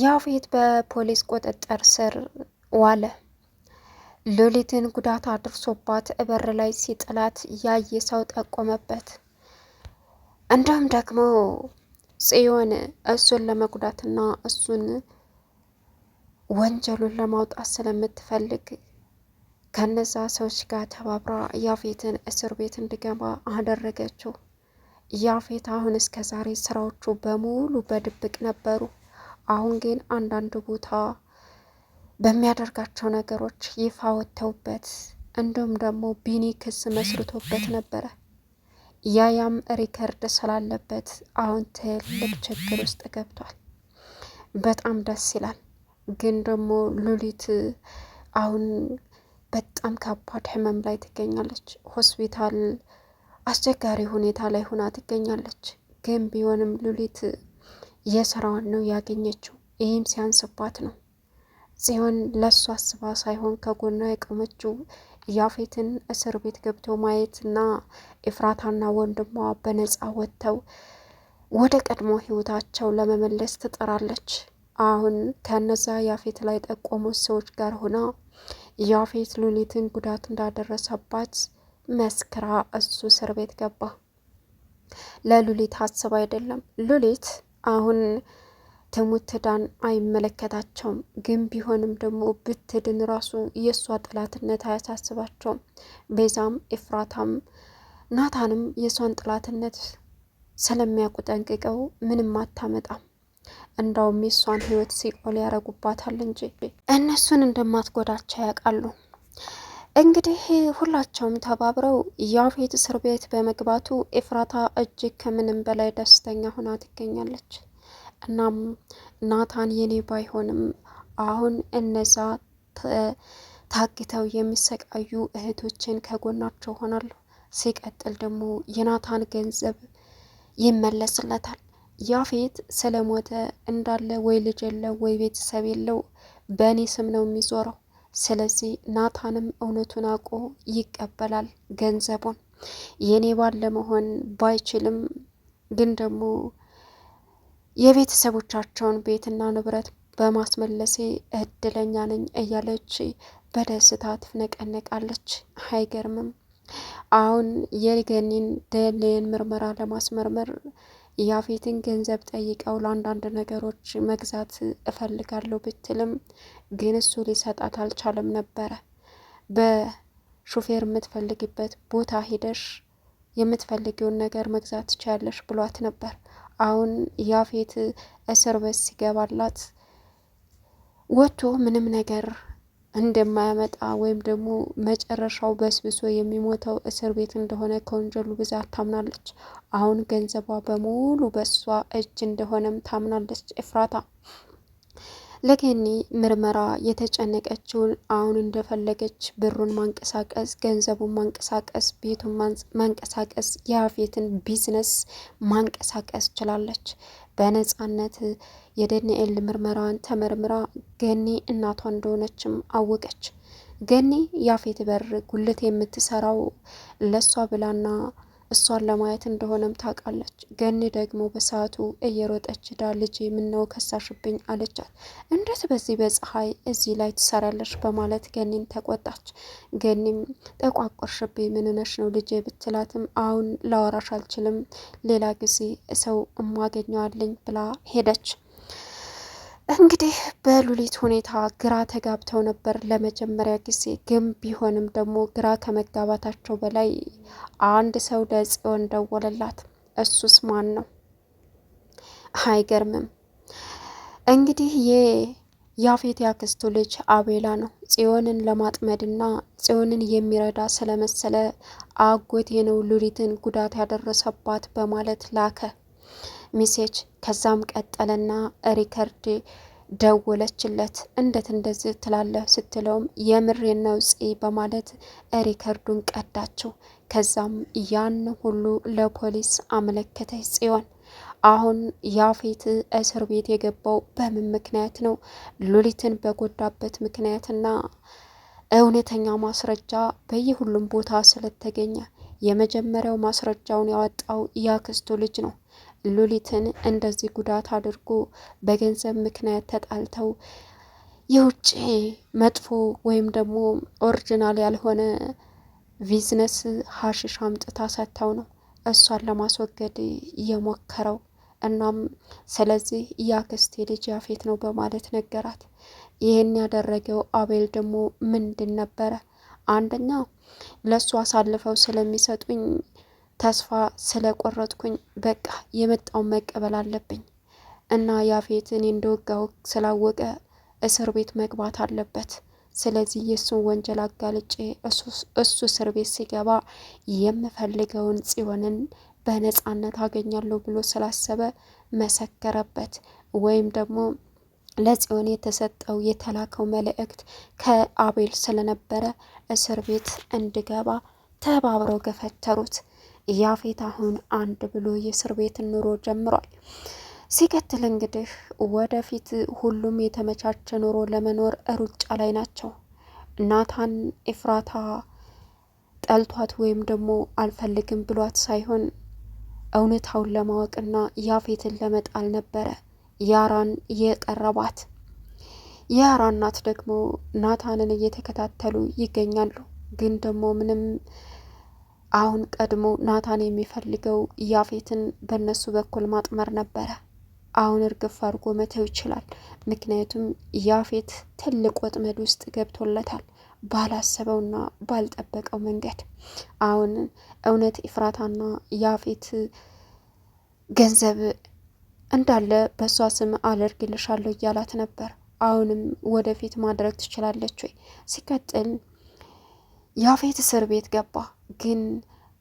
ያፌት በፖሊስ ቁጥጥር ስር ዋለ። ሉሊትን ጉዳት አድርሶባት በር ላይ ሲጥላት ያየ ሰው ጠቆመበት። እንዲሁም ደግሞ ጽዮን እሱን ለመጉዳትና እሱን ወንጀሉን ለማውጣት ስለምትፈልግ ከነዛ ሰዎች ጋር ተባብራ ያፌትን እስር ቤት እንዲገባ አደረገችው። ያፌት አሁን እስከ ዛሬ ስራዎቹ በሙሉ በድብቅ ነበሩ። አሁን ግን አንዳንድ ቦታ በሚያደርጋቸው ነገሮች ይፋ ወጥተውበት እንዲሁም ደግሞ ቢኒ ክስ መስርቶበት ነበረ። ያያም ሪከርድ ስላለበት አሁን ትልቅ ችግር ውስጥ ገብቷል። በጣም ደስ ይላል። ግን ደግሞ ሉሊት አሁን በጣም ከባድ ህመም ላይ ትገኛለች። ሆስፒታል አስቸጋሪ ሁኔታ ላይ ሆና ትገኛለች። ግን ቢሆንም ሉሊት የስራዋን ነው ያገኘችው። ይህም ሲያንስባት ነው። ጽዮን ለሱ አስባ ሳይሆን ከጎኗ የቆመችው ያፌትን እስር ቤት ገብቶ ማየትና ኤፍራታና ወንድሟ በነፃ ወጥተው ወደ ቀድሞ ህይወታቸው ለመመለስ ትጠራለች። አሁን ከነዛ ያፌት ላይ ጠቆሙት ሰዎች ጋር ሆና ያፌት ሉሊትን ጉዳት እንዳደረሰባት መስክራ እሱ እስር ቤት ገባ። ለሉሊት አስብ አይደለም ሉሊት አሁን ትሙትዳን አይመለከታቸውም። ግን ቢሆንም ደግሞ ብትድን ራሱ የእሷ ጥላትነት አያሳስባቸውም። ቤዛም ኤፍራታም ናታንም የእሷን ጥላትነት ስለሚያውቁ ጠንቅቀው ምንም አታመጣም። እንዳውም የእሷን ህይወት ሲቆል ያረጉባታል እንጂ እነሱን እንደማትጎዳቸው ያውቃሉ። እንግዲህ ሁላቸውም ተባብረው ያፌት እስር ቤት በመግባቱ ኤፍራታ እጅግ ከምንም በላይ ደስተኛ ሆና ትገኛለች። እናም ናታን የኔ ባይሆንም አሁን እነዛ ታግተው የሚሰቃዩ እህቶችን ከጎናቸው ሆናለሁ። ሲቀጥል ደግሞ የናታን ገንዘብ ይመለስለታል። ያፌት ስለሞተ እንዳለ ወይ ልጅ የለው ወይ ቤተሰብ የለው፣ በእኔ ስም ነው የሚዞረው ስለዚህ ናታንም እውነቱን አውቆ ይቀበላል ገንዘቡን። የኔ ባል ለመሆን ባይችልም ግን ደግሞ የቤተሰቦቻቸውን ቤትና ንብረት በማስመለሴ እድለኛ ነኝ እያለች በደስታ ትፍነቀነቃለች። አይገርምም? አሁን የገኒን ደሌን ምርመራ ለማስመርመር ያፌትን ገንዘብ ጠይቀው ለአንዳንድ ነገሮች መግዛት እፈልጋለሁ ብትልም ግን እሱ ሊሰጣት አልቻለም ነበረ። በሹፌር የምትፈልግበት ቦታ ሂደሽ የምትፈልጊውን ነገር መግዛት ትችያለሽ ብሏት ነበር። አሁን ያፌት እስር ቤት ሲገባላት ወጥቶ ምንም ነገር እንደማያመጣ ወይም ደግሞ መጨረሻው በስብሶ የሚሞተው እስር ቤት እንደሆነ ከወንጀሉ ብዛት ታምናለች። አሁን ገንዘቧ በሙሉ በእሷ እጅ እንደሆነም ታምናለች ኤፍራታ ለገኒ ምርመራ የተጨነቀችውን አሁን እንደፈለገች ብሩን ማንቀሳቀስ፣ ገንዘቡን ማንቀሳቀስ፣ ቤቱን ማንቀሳቀስ፣ የአፌትን ቢዝነስ ማንቀሳቀስ ችላለች። በነጻነት የደንኤል ምርመራን ተመርምራ ገኒ እናቷ እንደሆነችም አወቀች። ገኒ ያፌት በር ጉልት የምትሰራው ለሷ ብላና እሷን ለማየት እንደሆነም ታውቃለች። ገኒ ደግሞ በሰዓቱ እየሮጠች ዳ ልጄ ምነው ከሳሽብኝ አለቻት። እንዴት በዚህ በፀሐይ እዚህ ላይ ትሰራለች በማለት ገኒን ተቆጣች። ገኒም ጠቋቆርሽብኝ፣ ምን ሆነሽ ነው ልጄ ብትላትም አሁን ላወራሽ አልችልም፣ ሌላ ጊዜ ሰው እማገኘዋለኝ ብላ ሄደች። እንግዲህ በሉሊት ሁኔታ ግራ ተጋብተው ነበር ለመጀመሪያ ጊዜ። ግን ቢሆንም ደግሞ ግራ ከመጋባታቸው በላይ አንድ ሰው ለጽዮን ደወለላት። እሱስ ማን ነው? አይገርምም እንግዲህ የያፌት ያክስቱ ልጅ አቤላ ነው። ጽዮንን ለማጥመድና ጽዮንን የሚረዳ ስለመሰለ አጎቴ ነው ሉሊትን ጉዳት ያደረሰባት በማለት ላከ ሚሴች ከዛም ቀጠለና ሪከርድ ደወለችለት። እንዴት እንደዚህ ትላለህ ስትለውም የምሬን ነው ጽ በማለት ሪከርዱን ቀዳችው። ከዛም ያን ሁሉ ለፖሊስ አመለከተች ጽዮን። አሁን ያፌት እስር ቤት የገባው በምን ምክንያት ነው? ሉሊትን በጎዳበት ምክንያትና እውነተኛ ማስረጃ በየሁሉም ቦታ ስለተገኘ የመጀመሪያው ማስረጃውን ያወጣው ያክስቱ ልጅ ነው። ሉሊትን እንደዚህ ጉዳት አድርጎ በገንዘብ ምክንያት ተጣልተው የውጭ መጥፎ ወይም ደግሞ ኦሪጂናል ያልሆነ ቢዝነስ ሀሽሽ አምጥታ ሰጥተው ነው እሷን ለማስወገድ የሞከረው። እናም ስለዚህ ያክስቴ ልጅ ያፌት ነው በማለት ነገራት። ይህን ያደረገው አቤል ደግሞ ምንድን ነበረ? አንደኛ ለእሱ አሳልፈው ስለሚሰጡኝ ተስፋ ስለቆረጥኩኝ በቃ የመጣውን መቀበል አለብኝ እና ያፌት እኔ እንደወጋው ስላወቀ እስር ቤት መግባት አለበት። ስለዚህ የእሱን ወንጀል አጋልጬ እሱ እስር ቤት ሲገባ የምፈልገውን ጽዮንን በነፃነት አገኛለሁ ብሎ ስላሰበ መሰከረበት። ወይም ደግሞ ለጽዮን የተሰጠው የተላከው መልእክት ከአቤል ስለነበረ እስር ቤት እንድገባ ተባብረው ገፈተሩት። ያፌት አሁን አንድ ብሎ የእስር ቤትን ኑሮ ጀምሯል። ሲቀጥል እንግዲህ ወደፊት ሁሉም የተመቻቸ ኑሮ ለመኖር ሩጫ ላይ ናቸው። ናታን ኤፍራታ ጠልቷት ወይም ደግሞ አልፈልግም ብሏት ሳይሆን እውነታውን ለማወቅና ያፌትን ለመጣል ነበረ ያራን የቀረባት። የያራ እናት ደግሞ ናታንን እየተከታተሉ ይገኛሉ። ግን ደግሞ ምንም አሁን ቀድሞ ናታን የሚፈልገው ያፌትን በእነሱ በኩል ማጥመር ነበረ። አሁን እርግፍ አድርጎ መተው ይችላል። ምክንያቱም ያፌት ትልቅ ወጥመድ ውስጥ ገብቶለታል፣ ባላሰበውና ባልጠበቀው መንገድ። አሁን እውነት ኢፍራታና ያፌት ገንዘብ እንዳለ በእሷ ስም አደርግልሻለሁ እያላት ነበር። አሁንም ወደፊት ማድረግ ትችላለች ወይ? ሲቀጥል ያፌት እስር ቤት ገባ። ግን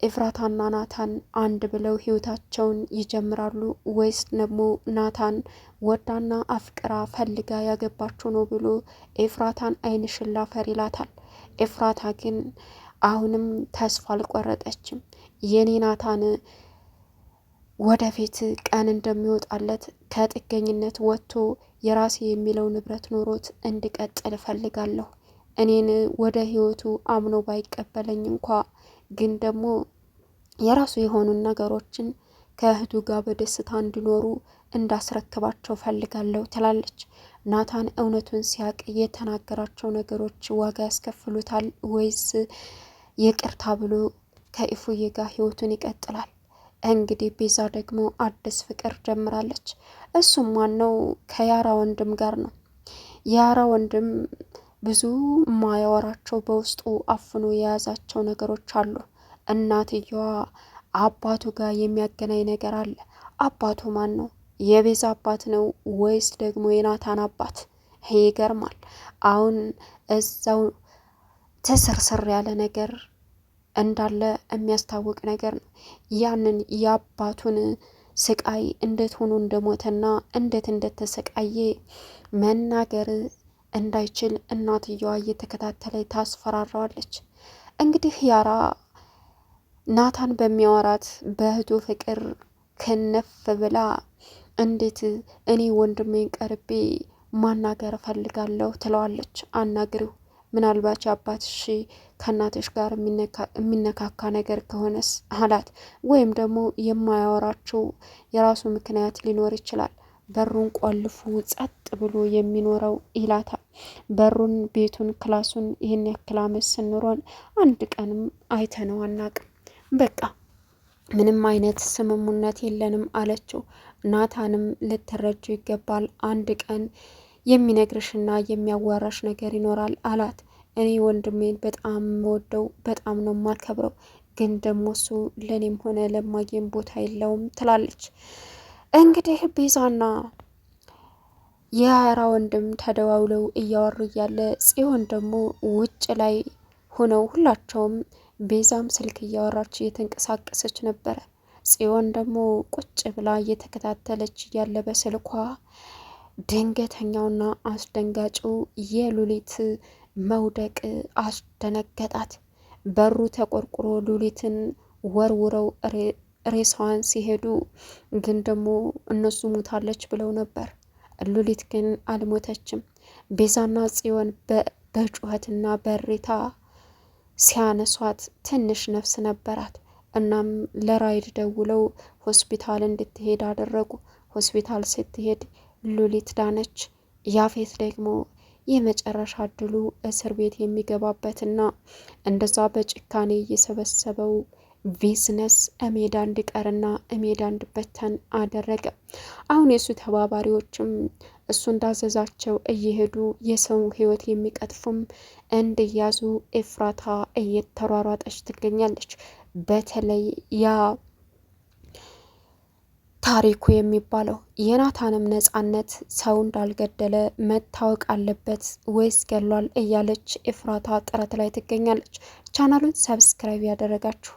ኤፍራታና ናታን አንድ ብለው ህይወታቸውን ይጀምራሉ ወይስ ደግሞ ናታን ወዳና አፍቅራ ፈልጋ ያገባችው ነው ብሎ ኤፍራታን አይን ሽላፈር ይላታል። ኤፍራታ ግን አሁንም ተስፋ አልቆረጠችም። የኔ ናታን ወደፊት ቀን እንደሚወጣለት ከጥገኝነት ወጥቶ የራሴ የሚለው ንብረት ኖሮት እንድቀጥል እፈልጋለሁ እኔን ወደ ህይወቱ አምኖ ባይቀበለኝ እንኳ ግን ደግሞ የራሱ የሆኑ ነገሮችን ከእህቱ ጋር በደስታ እንዲኖሩ እንዳስረክባቸው ፈልጋለሁ ትላለች። ናታን እውነቱን ሲያቅ የተናገራቸው ነገሮች ዋጋ ያስከፍሉታል ወይስ ይቅርታ ብሎ ከኢፉዬ ጋር ህይወቱን ይቀጥላል? እንግዲህ ቤዛ ደግሞ አዲስ ፍቅር ጀምራለች። እሱም ነው ከያራ ወንድም ጋር ነው። ያራ ወንድም ብዙ ማያወራቸው በውስጡ አፍኖ የያዛቸው ነገሮች አሉ። እናትየዋ አባቱ ጋር የሚያገናኝ ነገር አለ። አባቱ ማን ነው? የቤዛ አባት ነው ወይስ ደግሞ የናታን አባት? ይገርማል። አሁን እዛው ትስርስር ያለ ነገር እንዳለ የሚያስታውቅ ነገር ነው። ያንን የአባቱን ስቃይ እንዴት ሆኖ እንደሞተና እንዴት እንደተሰቃየ መናገር እንዳይችል እናትየዋ እየተከታተለ ታስፈራራዋለች። እንግዲህ ያራ ናታን በሚያወራት በእህቱ ፍቅር ከነፍ ብላ እንዴት እኔ ወንድሜን ቀርቤ ማናገር እፈልጋለሁ ትለዋለች። አናግሪው፣ ምናልባት አባትሽ ከእናትሽ ጋር የሚነካካ ነገር ከሆነስ አላት። ወይም ደግሞ የማያወራችው የራሱ ምክንያት ሊኖር ይችላል። በሩን ቆልፎ ጸጥ ብሎ የሚኖረው ይላታል። በሩን፣ ቤቱን፣ ክላሱን ይህን ያክል አመት ስንሮን አንድ ቀንም አይተነው አናቅም። በቃ ምንም አይነት ስምሙነት የለንም አለችው። ናታንም ልትረጁ ይገባል፣ አንድ ቀን የሚነግርሽና የሚያዋራሽ ነገር ይኖራል አላት። እኔ ወንድሜን በጣም ወደው በጣም ነው የማከብረው፣ ግን ደግሞ እሱ ለእኔም ሆነ ለማየን ቦታ የለውም ትላለች። እንግዲህ ቤዛና የያራ ወንድም ተደዋውለው እያወሩ እያለ ጽዮን ደግሞ ውጭ ላይ ሆነው ሁላቸውም ቤዛም ስልክ እያወራች እየተንቀሳቀሰች ነበረ። ጽዮን ደግሞ ቁጭ ብላ እየተከታተለች እያለ በስልኳ ድንገተኛውና አስደንጋጩ የሉሊት መውደቅ አስደነገጣት። በሩ ተቆርቁሮ ሉሊትን ወርውረው ሬሳዋን ሲሄዱ ግን ደግሞ እነሱ ሙታለች ብለው ነበር። ሉሊት ግን አልሞተችም። ቤዛና ጽዮን በጩኸትና በሬታ ሲያነሷት ትንሽ ነፍስ ነበራት። እናም ለራይድ ደውለው ሆስፒታል እንድትሄድ አደረጉ። ሆስፒታል ስትሄድ ሉሊት ዳነች። ያፌት ደግሞ የመጨረሻ እድሉ እስር ቤት የሚገባበትና እንደዛ በጭካኔ እየሰበሰበው ቪስነስ እሜዳ እንዲቀርና እሜዳ እንዲበተን አደረገ። አሁን የእሱ ተባባሪዎችም እሱ እንዳዘዛቸው እየሄዱ የሰው ህይወት የሚቀጥፉም እንዲያዙ ኤፍራታ እየተሯሯጠች ትገኛለች። በተለይ ያ ታሪኩ የሚባለው የናታንም ነጻነት ሰው እንዳልገደለ መታወቅ አለበት ወይስ ገሏል እያለች ኤፍራታ ጥረት ላይ ትገኛለች። ቻናሉን ሰብስክራይብ ያደረጋችሁ